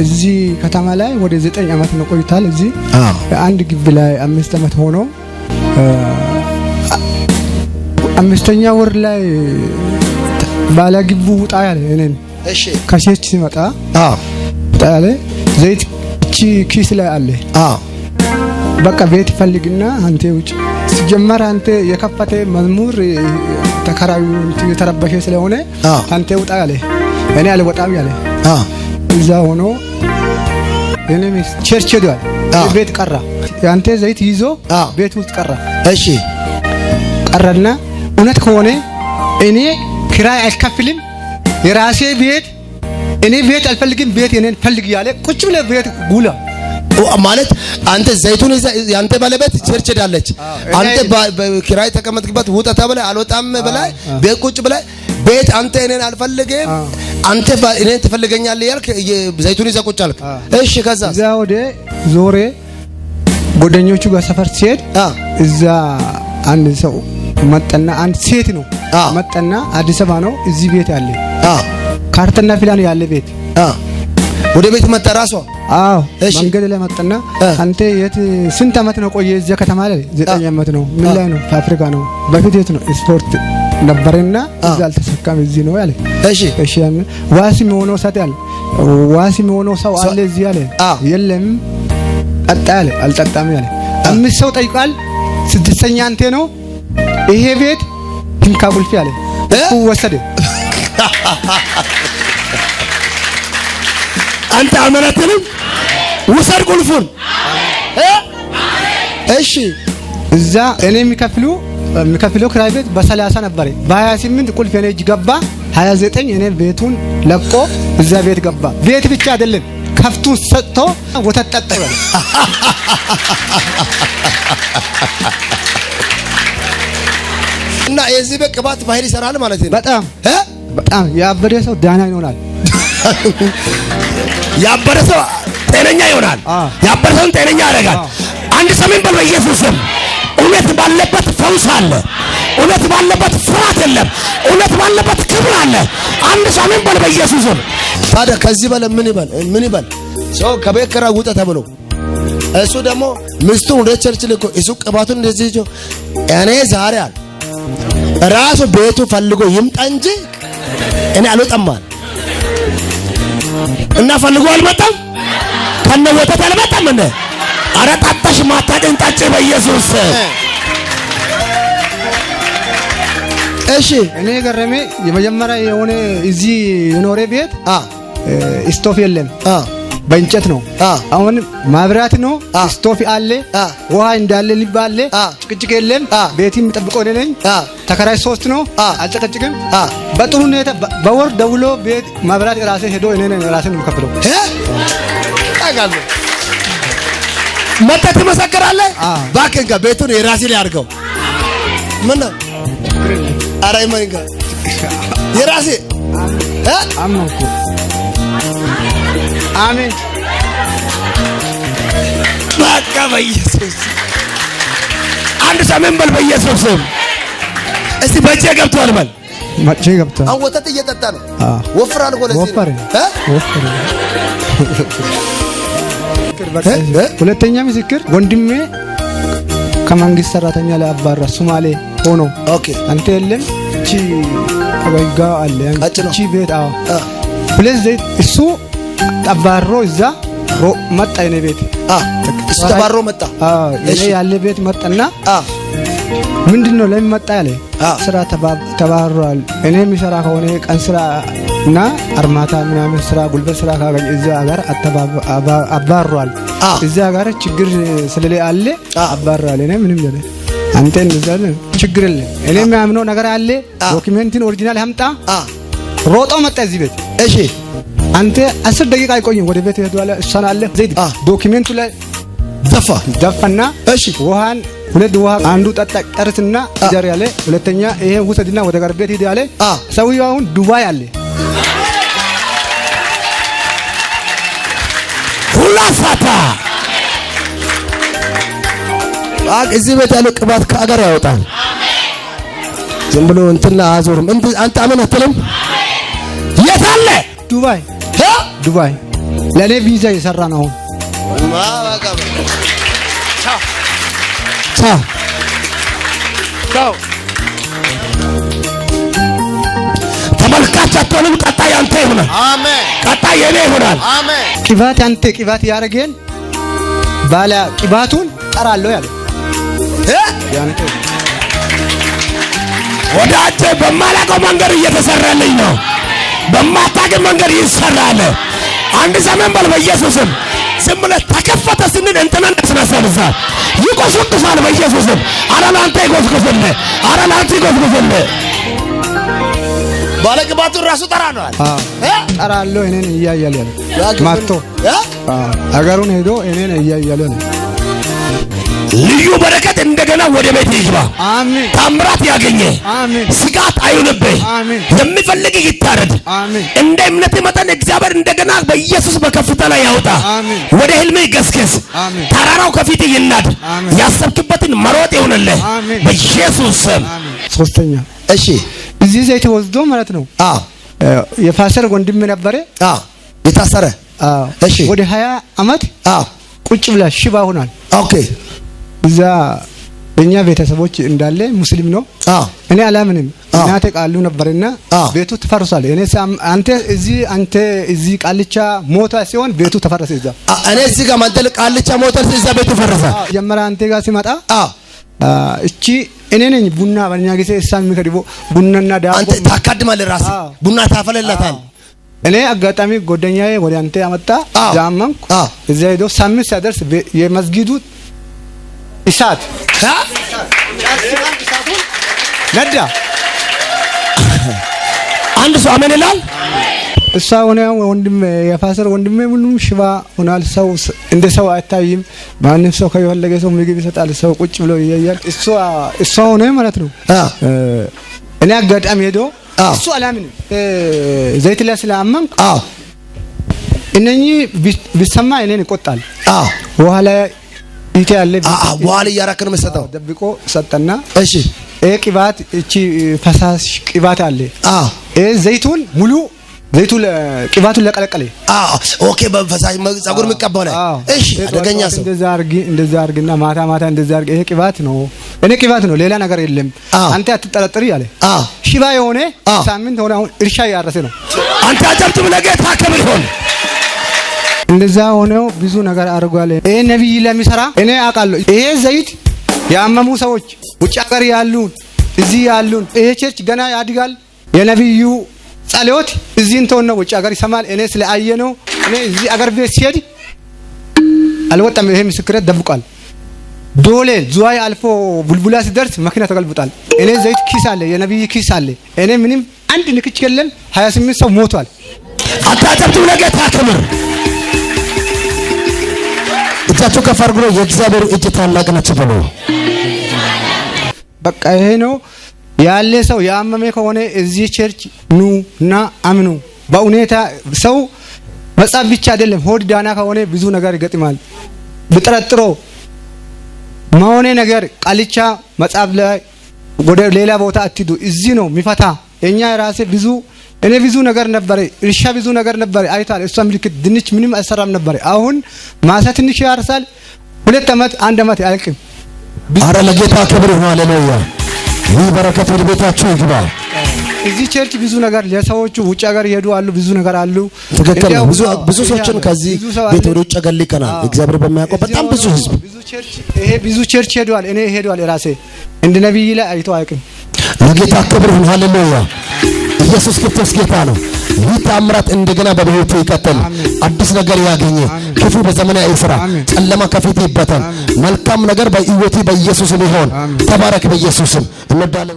እዚህ ከተማ ላይ ወደ ዘጠኝ ዓመት ነው ቆይታል። እዚህ አንድ ግቢ ላይ አምስት ዓመት ሆኖ አምስተኛ ወር ላይ ባለ ግቢው ውጣ ያለ እኔን ከሴት ሲመጣ ውጣ ያለ ዘይት ኪስ ላይ አለ በቃ ቤት ፈልግና አንተ ውጭ ሲጀመር አንተ የከፈተ መዝሙር ተከራዩ የተረበሸ ስለሆነ አንተ ውጣ ያለ እኔ አልወጣም ያለ እዛ ሆኖ የኔ ሚስት ቸርች ሄዷል። ቤት ቀራ። ያንተ ዘይት ይዞ ቤት ውስጥ ቀራ። እሺ ቀረና እውነት ከሆነ እኔ ክራይ አልከፍልም፣ የራሴ ቤት እኔ ቤት አልፈልግም፣ ቤት የኔን ፈልግ ያለ ቁጭ ብለ ቤት ጉላ ማለት አንተ ዘይቱን ያንተ ባለቤት ቸርች ሄዳለች። አንተ ኪራይ ተቀመጥክበት ውጣ ተብለህ አልወጣም ብለህ ቤት ቁጭ ብለህ ቤት አንተ እኔን አልፈልግም አንተ እኔ ትፈልገኛለህ ያልክ ዘይቱን ይዘህ ቁጭ አልክ። እሺ ከዛ እዛ ወደ ዞሬ ጓደኞቹ ጋር ሰፈር ሲሄድ እዛ አንድ ሰው መጠና፣ አንድ ሴት ነው መጠና፣ አዲስ አበባ ነው እዚህ ቤት ያለ ካርተና ፊላን ያለ ቤት ወደ ቤት መጣ ራሷ። አዎ መንገድ ላይ መጣና አንተ የት ስንት አመት ነው ቆየ እዚያ ከተማ ላይ? ዘጠኝ አመት ነው። ምን ላይ ነው? ከአፍሪካ ነው። በፊት የት ነው ስፖርት ነበረና እዛ አልተሰካም፣ እዚህ ነው ያለ። እሺ እሺ፣ ዋስ የሚሆነው ሰው ያለ ዋስ የሚሆነው ሰው አለ እዚህ ያለ የለም። ጠጣ ያለ አልጠጣም ያለ አምስት ሰው ጠይቋል። ስድስተኛ አንቴ ነው ይሄ ቤት ሂንካ ቁልፍ ያለ እሱ ወሰደ። አንተ አመነትንም ውሰድ ቁልፉን። እሺ እዛ እኔ የሚከፍሉ የሚከፍለው ክራይ ቤት በሰላሳ ነበር። በ28 ቁልፍ የኔ እጅ ገባ። 29 እኔ ቤቱን ለቆ እዛ ቤት ገባ። ቤት ብቻ አይደለም ከፍቱን ሰጥቶ ወተት ጠጣ ይበል። እና የዚህ በቅባት ባህል ይሰራል ማለት ነው። በጣም በጣም ያበደ ሰው ዳና ይሆናል። ያበደ ሰው ጤነኛ ይሆናል። ያበደ ሰው ጤነኛ ያደርጋል። አንድ ሰሜን በል በኢየሱስ ስም እውነት ባለበት ፈውስ አለ። እውነት ባለበት ፍርሃት የለም። እውነት ባለበት ክብር አለ። አንድ ሰው አሜን በል። በኢየሱስም ታዲያ ከዚህ በለ ምን ይበል? ምን ይበል? ሰው ከቤት ኪራይ ውጣ ተብሎ እሱ ደግሞ ሚስቱ ወደ ቸርች ልኮ እሱ ቅባቱን እንደዚህ ይዞ እኔ ዛሬ አለ ራሱ ቤቱ ፈልጎ ይምጣ እንጂ እኔ አልወጣማል እና ፈልጎ አልመጣም። ከነ ወተት አልመጣም። እነ አረ ጣጣሽ ማታደን ጣጭ በኢየሱስ እሺ እኔ ገረሜ የመጀመሪያ የሆነ እዚህ የኖረ ቤት ስቶፍ የለም፣ በእንጨት ነው። አሁን ማብራት ነው፣ ስቶፍ አለ፣ ውሃ እንዳለ ልብ አለ፣ ጭቅጭቅ የለም። ቤት የሚጠብቀው እኔ ነኝ። ተከራይ ሶስት ነው፣ አልጨቀጭቅም። በጥሩ ሁኔታ በወር ደውሎ ቤት ማብራት ራሴ ሄዶ እኔ ነኝ ራሴ ነው የምከፍለው። መጠት ትመሰክራለህ። እባክህ ቤቱን የራሴ ላይ አድርገው ምን ነው ኧረ ይመንጋ የራሴ አመንኩ። አሜን። በቃ በኢየሱስ አንድ ሰሜን በል። በኢየሱስ ስም እስቲ በእጄ ገብቷል በል መቼ ገብቷል? አሁን ወተት እየጠጣ ነው። ወፍራል እኮ ለዚህ ወፍራል። ሁለተኛ ምስክር ወንድሜ ከመንግስት ሰራተኛ ላይ አባራ ሱማሌ ሆኖ አንተ የለም እቺ በጋ አለ እቺ ቤት አዎ ብለዝ ዘይት እሱ ጠባሮ እዛ መጣ የኔ ቤት እሱ ተባሮ መጣ እኔ ያለ ቤት መጣና ምንድን ነው ለምን መጣ ያለ ስራ ተባሯል። እኔ የሚሰራ ከሆነ ቀን ስራ እና አርማታ ምናምን ስራ ጉልበት ስራ ካገኝ እዚ ሀገር አባሯል። እዚ ሀገር ችግር ስለሌለ አለ አባሯል። እኔ ምንም አንተ እንደዛ ችግር የለም። እኔ የሚያምነው ነገር አለ። ዶክመንትን ኦሪጂናል ያምጣ። ሮጦ መጣ እዚህ ቤት። እሺ አንተ አስር ደቂቃ አይቆይም። ወደ ቤት ሄዷል። እሷን አለ ዘይት ዶክመንቱ ላይ ደፋ ደፋና፣ እሺ ውሃን ሁለት ውሃ አንዱ ጠጣ ቀርትና ጃር ያለ ሁለተኛ ይሄ ውሰድና ወደ ጋር ቤት ሂድ ያለ ሰውዬው አሁን ዱባይ አለ። ሁላፋታ እዚህ ቤት ያለው ቅባት ከአገር ያወጣል። ዝም ብሎ እንትና አዞርም አንተ አመን አትልም። የት አለ ዱባይ ዱባይ ለእኔ ቪዛ የሰራ ነው። ተመልካች አትሆንም። ቀጣይ አንተ ይሆናል። ቀጣይ የኔ ይሆናል። ቅባት አንተ ቅባት ያደረገን ባለ ቅባቱን ጠራለሁ ያለው ወዳጄ በማላውቀው መንገድ እየተሰራልኝ ነው። በማታውቅ መንገድ ይሰራል። አንድ ዘመን በል በኢየሱስም ዝም ብለህ ተከፈተ ስንል እንትናን ያስነሳልሳል፣ ይቆስቁሳል። በኢየሱስም ኧረ ለአንተ ይቆስቁስልህ፣ ኧረ ለአንተ ይቆስቁስልህ። ባለቅባቱን ራሱ ጠራ ነዋል ጠራለሁ። እኔን እያያለ ነው ማቶ አገሩን ሄዶ እኔን እያያለ ነው ልዩ በረከት እንደገና ወደ ቤት ይግባ። አሜን። ታምራት ያገኘ ስጋት አይሁንብህ። የሚፈልግ ይታረድ። እንደ እምነት መጠን እግዚአብሔር እንደገና በኢየሱስ በከፍታ ላይ ያውጣ። ወደ ህልም ይገስገስ። ተራራው ከፊት ይናድ። ያሰብክበትን መሮጥ ይሆንልህ በኢየሱስ ስም። ሶስተኛ እሺ፣ እዚህ ዘይት ወስዶ ማለት ነው። አዎ የፋሰር ወንድም ነበረ። አዎ የታሰረ። አዎ እሺ፣ ወደ 20 አመት አዎ ቁጭ ብላ ሽባ ሆናል። ኦኬ እዛ እኛ ቤተሰቦች እንዳለ ሙስሊም ነው። እኔ አላምንም። እናቴ ቃሉ ነበርና ቤቱ ተፈርሷል። እኔ አንተ እዚ አንተ እዚ ቃልቻ ሞታ ሲሆን ቤቱ ተፈረሰ። እዛ እኔ እዚ ጋር ማንተል ቃልቻ ሞታ እዛ ቤቱ ተፈረሰ። ጀመረ አንተ ጋር ሲመጣ እቺ እኔ ነኝ ቡና በእኛ ጊዜ እሳን የሚከድቦ ቡናና ዳቦ አንተ ታካድማለህ፣ ራስ ቡና ታፈለላታል። እኔ አጋጣሚ ጓደኛዬ ወደ አንተ ያመጣ ዛመንኩ እዚያ ሄዶ ሳምንት ሲያደርስ የመስጊዱ እሳት ነዳ። አንድ ሰው አሜን ይላል። እሳ ሆነ ወንድም የፋሰር ወንድሜ ምንም ሽባ ሆናል። ሰው እንደ ሰው አይታይም። ማንም ሰው ከየፈለገ ሰው ምግብ ይሰጣል። ሰው ቁጭ ብሎ ይያያል። እሷ እሷ ሆነ ማለት ነው። እኔ አጋጣሚ ሄዶ እሱ አላምንም ዘይት ላይ ስለአመንኩ እነኚህ ቢሰማ እኔን ይቆጣል። በኋላ እንት ያለ በኋላ እያራክ ነው መሰጠው ደብቆ ሰጠና፣ እሺ ይሄ ቅባት እቺ ፈሳሽ ቅባት አለ። አዎ ዘይቱን ሙሉ ዘይቱ ቅባቱን ለቀለቀለ። አዎ ኦኬ። በፈሳሽ ጸጉር የሚቀባው ላይ እሺ። አደገኛ ሰው እንደዛ አርጊ፣ እንደዛ አርጊና ማታ ማታ እንደዛ አርጊ። ይሄ ቅባት ነው፣ እኔ ቅባት ነው፣ ሌላ ነገር የለም። አንተ አትጠረጥሪ አለ። አዎ ሽባ የሆነ ሳምንት ሆነ። አሁን እርሻ ያረሰ ነው። አንተ አጀብቱ ለጌታ ከብል ሆነ እንደዛ ሆነው ብዙ ነገር አድርጓል። ይሄ ነብይ ለሚሰራ እኔ አውቃለሁ። ይሄ ዘይት ያመሙ ሰዎች ውጭ ሀገር ያሉን እዚህ ያሉን ይሄ ቸርች ገና ያድጋል። የነብዩ ጸሎት እዚህ እንተው ነው ውጭ ሀገር ይሰማል። እኔ ስለአየ ነው እኔ እዚህ አገር ቤት ሲሄድ አልወጣም። ይሄ ምስክረት ደብቋል። ዶሌ ዙዋይ አልፎ ቡልቡላ ሲደርስ መኪና ተገልብጣል። እኔ ዘይት ኪስ አለ፣ የነብይ ኪስ አለ። እኔ ምንም አንድ ንክች የለም። 28 ሰው ሞቷል። አታጨብጭብ ለጌታ ክብር እጃችሁ ከፍ አድርጉ። የእግዚአብሔር እጅ ታላቅ ነች ብሎ በቃ ይሄ ነው ያለ ሰው ያመመ ከሆነ እዚህ ቸርች ኑ እና አምኑ። በሁኔታ ሰው መጻፍ ብቻ አይደለም። ሆድ ዳና ከሆነ ብዙ ነገር ይገጥማል። ብጠረጥሮ መሆኔ ነገር ቃልቻ መጻፍ ላይ ወደ ሌላ ቦታ አትዱ። እዚህ ነው የሚፈታ የኛ ራሴ ብዙ እኔ ብዙ ነገር ነበረ፣ እርሻ ብዙ ነገር ነበረ፣ አይታል። እሷ ምልክት ድንች ምንም አይሰራም ነበረ። አሁን ማሳ ትንሽ ያርሳል። ሁለት አመት አንድ አመት አያልቅም። አረ ለጌታ ክብር ይሁን። ሃሌሉያ! ይህ በረከት ወደ ቤታችሁ ይግባ። እዚህ ቸርች ብዙ ነገር ለሰዎቹ ውጭ ሀገር ይሄዱ አሉ፣ ብዙ ነገር አሉ። ትክክል ነው። ብዙ ብዙ ሰዎችን ከዚህ ቤት ወደ ውጭ ሀገር ሊቀናል። እግዚአብሔር በሚያውቀው በጣም ብዙ ህዝብ፣ ብዙ ቸርች ይሄ ብዙ ቸርች ሄዷል። እኔ ሄዷል ራሴ እንደ ነብይ ላይ አይቶ አያውቅም። ለጌታ ክብር ይሁን። ሃሌሉያ! ኢየሱስ ክርስቶስ ጌታ ነው። ይህ ታምራት እንደገና በቤቱ ይቀጥል። አዲስ ነገር ያገኘ ክፉ በዘመና ይፍራ። ጨለማ ከፊት ይበተን። መልካም ነገር በህይወቴ በኢየሱስ ሊሆን ተባረክ። በኢየሱስም እንወዳለን።